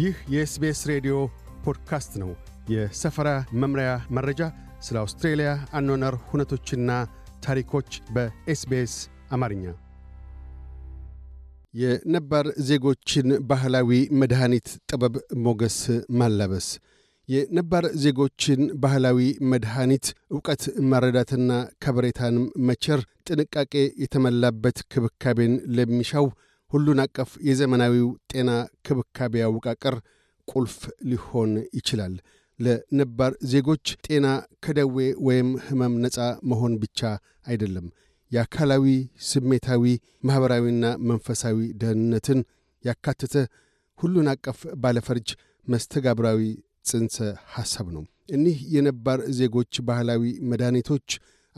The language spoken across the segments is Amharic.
ይህ የኤስቤስ ሬዲዮ ፖድካስት ነው። የሰፈራ መምሪያ መረጃ፣ ስለ አውስትሬልያ አኗነር ሁነቶችና ታሪኮች በኤስቤስ አማርኛ። የነባር ዜጎችን ባህላዊ መድኃኒት ጥበብ ሞገስ ማላበስ የነባር ዜጎችን ባህላዊ መድኃኒት ዕውቀት መረዳትና ከበሬታንም መቸር ጥንቃቄ የተመላበት ክብካቤን ለሚሻው ሁሉን አቀፍ የዘመናዊው ጤና ክብካቤ አወቃቀር ቁልፍ ሊሆን ይችላል። ለነባር ዜጎች ጤና ከደዌ ወይም ሕመም ነፃ መሆን ብቻ አይደለም፤ የአካላዊ፣ ስሜታዊ፣ ማኅበራዊና መንፈሳዊ ደህንነትን ያካተተ ሁሉን አቀፍ ባለፈርጅ መስተጋብራዊ ጽንሰ ሐሳብ ነው። እኒህ የነባር ዜጎች ባህላዊ መድኃኒቶች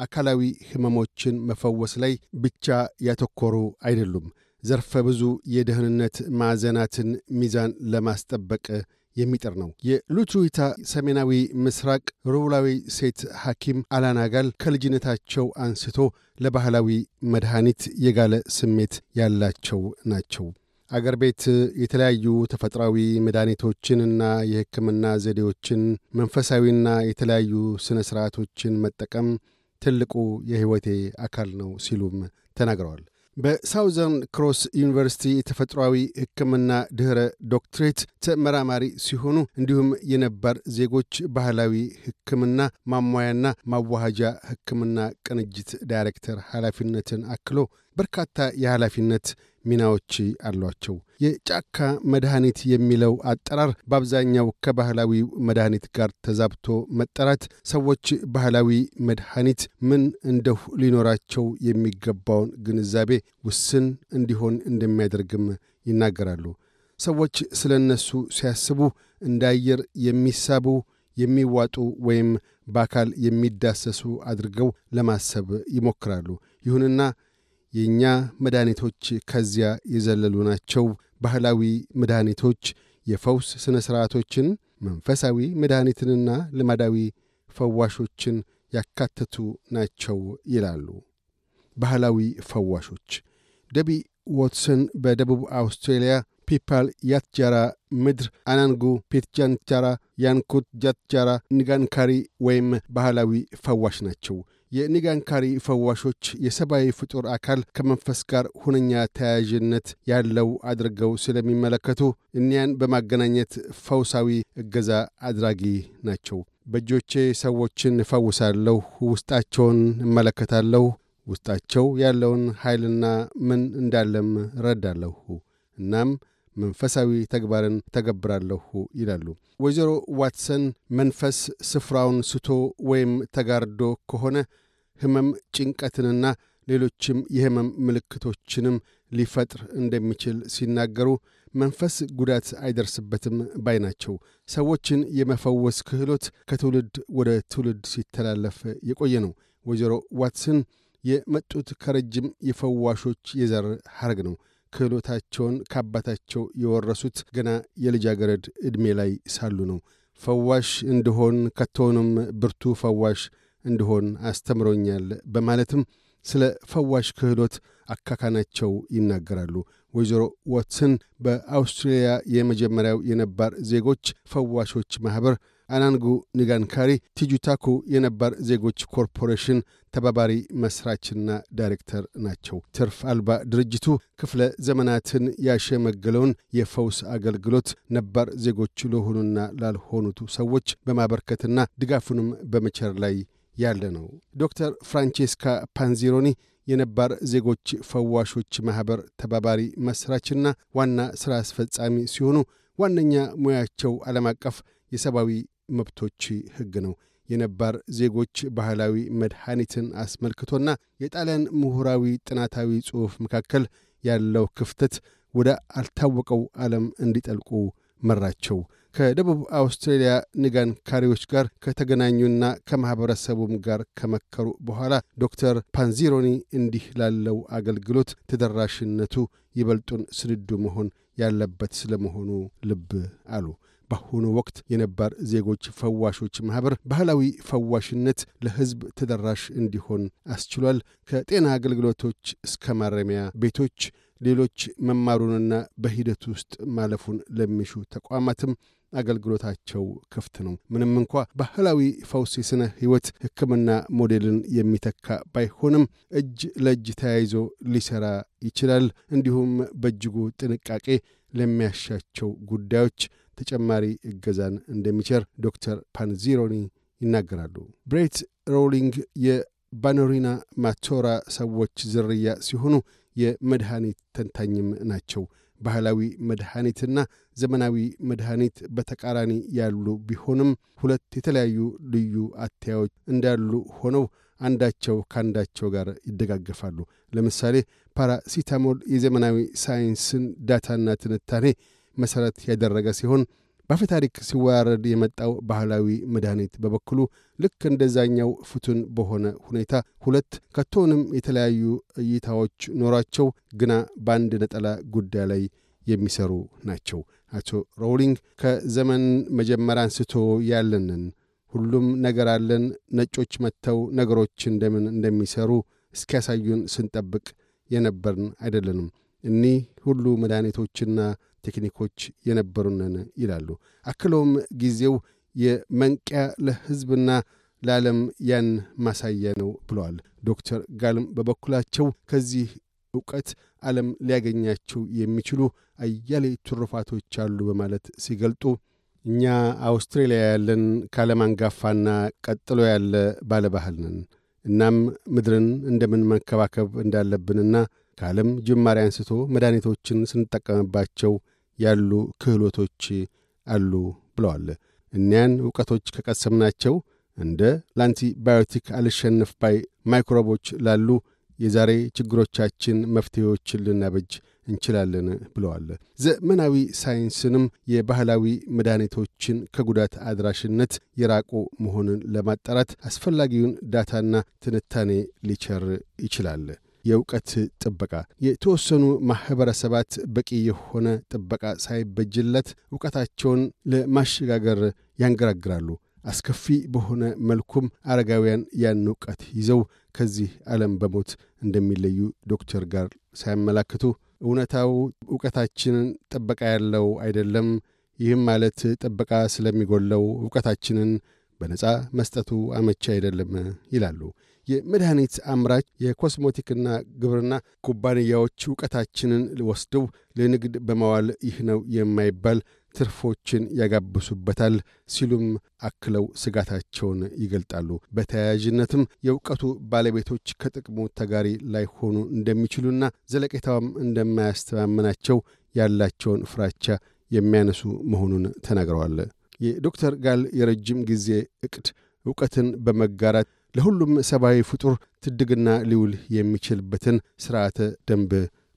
አካላዊ ሕመሞችን መፈወስ ላይ ብቻ ያተኮሩ አይደሉም። ዘርፈ ብዙ የደህንነት ማዕዘናትን ሚዛን ለማስጠበቅ የሚጥር ነው። የሉትዊታ ሰሜናዊ ምስራቅ ሩላዊ ሴት ሐኪም አላናጋል ከልጅነታቸው አንስቶ ለባህላዊ መድኃኒት የጋለ ስሜት ያላቸው ናቸው። አገር ቤት የተለያዩ ተፈጥሯዊ መድኃኒቶችንና የሕክምና ዘዴዎችን፣ መንፈሳዊና የተለያዩ ሥነ ሥርዓቶችን መጠቀም ትልቁ የሕይወቴ አካል ነው ሲሉም ተናግረዋል። በሳውዘርን ክሮስ ዩኒቨርሲቲ የተፈጥሯዊ ሕክምና ድኅረ ዶክትሬት ተመራማሪ ሲሆኑ እንዲሁም የነባር ዜጎች ባህላዊ ሕክምና ማሟያና ማዋሃጃ ሕክምና ቅንጅት ዳይሬክተር ኃላፊነትን አክሎ በርካታ የኃላፊነት ሚናዎች አሏቸው። የጫካ መድኃኒት የሚለው አጠራር በአብዛኛው ከባህላዊ መድኃኒት ጋር ተዛብቶ መጠራት ሰዎች ባህላዊ መድኃኒት ምን እንደሁ ሊኖራቸው የሚገባውን ግንዛቤ ውስን እንዲሆን እንደሚያደርግም ይናገራሉ። ሰዎች ስለ እነሱ ሲያስቡ እንደ አየር የሚሳቡ የሚዋጡ ወይም በአካል የሚዳሰሱ አድርገው ለማሰብ ይሞክራሉ። ይሁንና የእኛ መድኃኒቶች ከዚያ የዘለሉ ናቸው። ባህላዊ መድኃኒቶች፣ የፈውስ ሥነ ሥርዓቶችን፣ መንፈሳዊ መድኃኒትንና ልማዳዊ ፈዋሾችን ያካተቱ ናቸው ይላሉ። ባህላዊ ፈዋሾች ደቢ ዎትሰን በደቡብ አውስትሬልያ ፒፓል ያትጃራ ምድር አናንጉ ፔትጃንቻራ ያንኩት ጃትጃራ ኒጋንካሪ ወይም ባህላዊ ፈዋሽ ናቸው። የኒጋንካሪ ፈዋሾች የሰብአዊ ፍጡር አካል ከመንፈስ ጋር ሁነኛ ተያያዥነት ያለው አድርገው ስለሚመለከቱ እኒያን በማገናኘት ፈውሳዊ እገዛ አድራጊ ናቸው። በእጆቼ ሰዎችን እፈውሳለሁ፣ ውስጣቸውን እመለከታለሁ፣ ውስጣቸው ያለውን ኃይልና ምን እንዳለም ረዳለሁ እናም መንፈሳዊ ተግባርን ተገብራለሁ ይላሉ። ወይዘሮ ዋትሰን መንፈስ ስፍራውን ስቶ ወይም ተጋርዶ ከሆነ ህመም ጭንቀትንና ሌሎችም የህመም ምልክቶችንም ሊፈጥር እንደሚችል ሲናገሩ መንፈስ ጉዳት አይደርስበትም ባይ ናቸው። ሰዎችን የመፈወስ ክህሎት ከትውልድ ወደ ትውልድ ሲተላለፍ የቆየ ነው። ወይዘሮ ዋትሰን የመጡት ከረጅም የፈዋሾች የዘር ሐረግ ነው። ክህሎታቸውን ከአባታቸው የወረሱት ገና የልጃገረድ ዕድሜ ላይ ሳሉ ነው። ፈዋሽ እንድሆን ከቶውንም ብርቱ ፈዋሽ እንድሆን አስተምሮኛል በማለትም ስለ ፈዋሽ ክህሎት አካካናቸው ይናገራሉ። ወይዘሮ ዋትሰን በአውስትሬልያ የመጀመሪያው የነባር ዜጎች ፈዋሾች ማኅበር አናንጉ ኒጋንካሪ ቲጁታኩ የነባር ዜጎች ኮርፖሬሽን ተባባሪ መስራችና ዳይሬክተር ናቸው። ትርፍ አልባ ድርጅቱ ክፍለ ዘመናትን ያሸመገለውን የፈውስ አገልግሎት ነባር ዜጎች ለሆኑና ላልሆኑቱ ሰዎች በማበርከትና ድጋፉንም በመቸር ላይ ያለ ነው። ዶክተር ፍራንቼስካ ፓንዚሮኒ የነባር ዜጎች ፈዋሾች ማኅበር ተባባሪ መስራችና ዋና ሥራ አስፈጻሚ ሲሆኑ ዋነኛ ሙያቸው ዓለም አቀፍ የሰብአዊ መብቶች ሕግ ነው። የነባር ዜጎች ባህላዊ መድኃኒትን አስመልክቶና የጣሊያን ምሁራዊ ጥናታዊ ጽሑፍ መካከል ያለው ክፍተት ወደ አልታወቀው ዓለም እንዲጠልቁ መራቸው። ከደቡብ አውስትሬልያ ንጋን ካሪዎች ጋር ከተገናኙና ከማኅበረሰቡም ጋር ከመከሩ በኋላ ዶክተር ፓንዚሮኒ እንዲህ ላለው አገልግሎት ተደራሽነቱ ይበልጡን ስድዱ መሆን ያለበት ስለመሆኑ ልብ አሉ። በአሁኑ ወቅት የነባር ዜጎች ፈዋሾች ማኅበር ባህላዊ ፈዋሽነት ለሕዝብ ተደራሽ እንዲሆን አስችሏል። ከጤና አገልግሎቶች እስከ ማረሚያ ቤቶች ሌሎች መማሩንና በሂደት ውስጥ ማለፉን ለሚሹ ተቋማትም አገልግሎታቸው ክፍት ነው። ምንም እንኳ ባህላዊ ፈውስ የሥነ ሕይወት ሕክምና ሞዴልን የሚተካ ባይሆንም እጅ ለእጅ ተያይዞ ሊሰራ ይችላል። እንዲሁም በእጅጉ ጥንቃቄ ለሚያሻቸው ጉዳዮች ተጨማሪ እገዛን እንደሚቸር ዶክተር ፓንዚሮኒ ይናገራሉ። ብሬት ሮሊንግ የባኖሪና ማቶራ ሰዎች ዝርያ ሲሆኑ የመድኃኒት ተንታኝም ናቸው። ባህላዊ መድኃኒትና ዘመናዊ መድኃኒት በተቃራኒ ያሉ ቢሆንም ሁለት የተለያዩ ልዩ አተያዮች እንዳሉ ሆነው አንዳቸው ከአንዳቸው ጋር ይደጋገፋሉ። ለምሳሌ ፓራሲታሞል የዘመናዊ ሳይንስን ዳታና ትንታኔ መሠረት ያደረገ ሲሆን በአፈ ታሪክ ሲወራረድ የመጣው ባህላዊ መድኃኒት በበኩሉ ልክ እንደዛኛው ፍቱን በሆነ ሁኔታ ሁለት ከቶንም የተለያዩ እይታዎች ኖሯቸው ግና በአንድ ነጠላ ጉዳይ ላይ የሚሰሩ ናቸው። አቶ ሮውሊንግ ከዘመን መጀመሪያ አንስቶ ያለንን ሁሉም ነገር አለን። ነጮች መጥተው ነገሮች እንደምን እንደሚሰሩ እስኪያሳዩን ስንጠብቅ የነበርን አይደለንም። እኒህ ሁሉ መድኃኒቶችና ቴክኒኮች የነበሩነን ይላሉ። አክለውም ጊዜው የመንቅያ ለሕዝብና ለዓለም ያን ማሳያ ነው ብለዋል። ዶክተር ጋልም በበኩላቸው ከዚህ እውቀት ዓለም ሊያገኛቸው የሚችሉ አያሌ ትሩፋቶች አሉ በማለት ሲገልጡ እኛ አውስትሬልያ ያለን ከዓለም አንጋፋና ቀጥሎ ያለ ባለባህል ነን እናም ምድርን እንደምን መንከባከብ እንዳለብንና ከዓለም ጅማሬ አንስቶ መድኃኒቶችን ስንጠቀምባቸው ያሉ ክህሎቶች አሉ ብለዋል። እኒያን ዕውቀቶች ከቀሰምናቸው እንደ ለአንቲባዮቲክ አልሸነፍ ባይ ማይክሮቦች ላሉ የዛሬ ችግሮቻችን መፍትሄዎች ልናበጅ እንችላለን ብለዋል። ዘመናዊ ሳይንስንም የባህላዊ መድኃኒቶችን ከጉዳት አድራሽነት የራቁ መሆንን ለማጣራት አስፈላጊውን ዳታና ትንታኔ ሊቸር ይችላል። የእውቀት ጥበቃ የተወሰኑ ማኅበረሰባት በቂ የሆነ ጥበቃ ሳይበጅለት እውቀታቸውን ለማሸጋገር ያንገራግራሉ። አስከፊ በሆነ መልኩም አረጋውያን ያን እውቀት ይዘው ከዚህ ዓለም በሞት እንደሚለዩ ዶክተር ጋር ሳያመላክቱ እውነታው እውቀታችንን ጥበቃ ያለው አይደለም። ይህም ማለት ጥበቃ ስለሚጎለው እውቀታችንን በነጻ መስጠቱ አመቺ አይደለም ይላሉ። የመድኃኒት አምራች የኮስሞቲክና ግብርና ኩባንያዎች እውቀታችንን ወስደው ለንግድ በማዋል ይህ ነው የማይባል ትርፎችን ያጋብሱበታል ሲሉም አክለው ስጋታቸውን ይገልጣሉ። በተያያዥነትም የእውቀቱ ባለቤቶች ከጥቅሙ ተጋሪ ላይሆኑ እንደሚችሉና ዘለቄታውም እንደማያስተማምናቸው ያላቸውን ፍራቻ የሚያነሱ መሆኑን ተናግረዋል። የዶክተር ጋል የረጅም ጊዜ እቅድ እውቀትን በመጋራት ለሁሉም ሰብአዊ ፍጡር ትድግና ሊውል የሚችልበትን ሥርዓተ ደንብ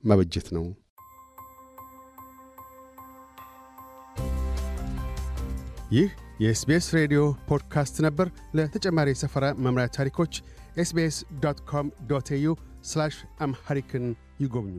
ማበጀት ነው። ይህ የኤስቤስ ሬዲዮ ፖድካስት ነበር። ለተጨማሪ ሰፈራ መምሪያ ታሪኮች ኤስቤስ ዶት ኮም ኤዩ አምሐሪክን ይጎብኙ።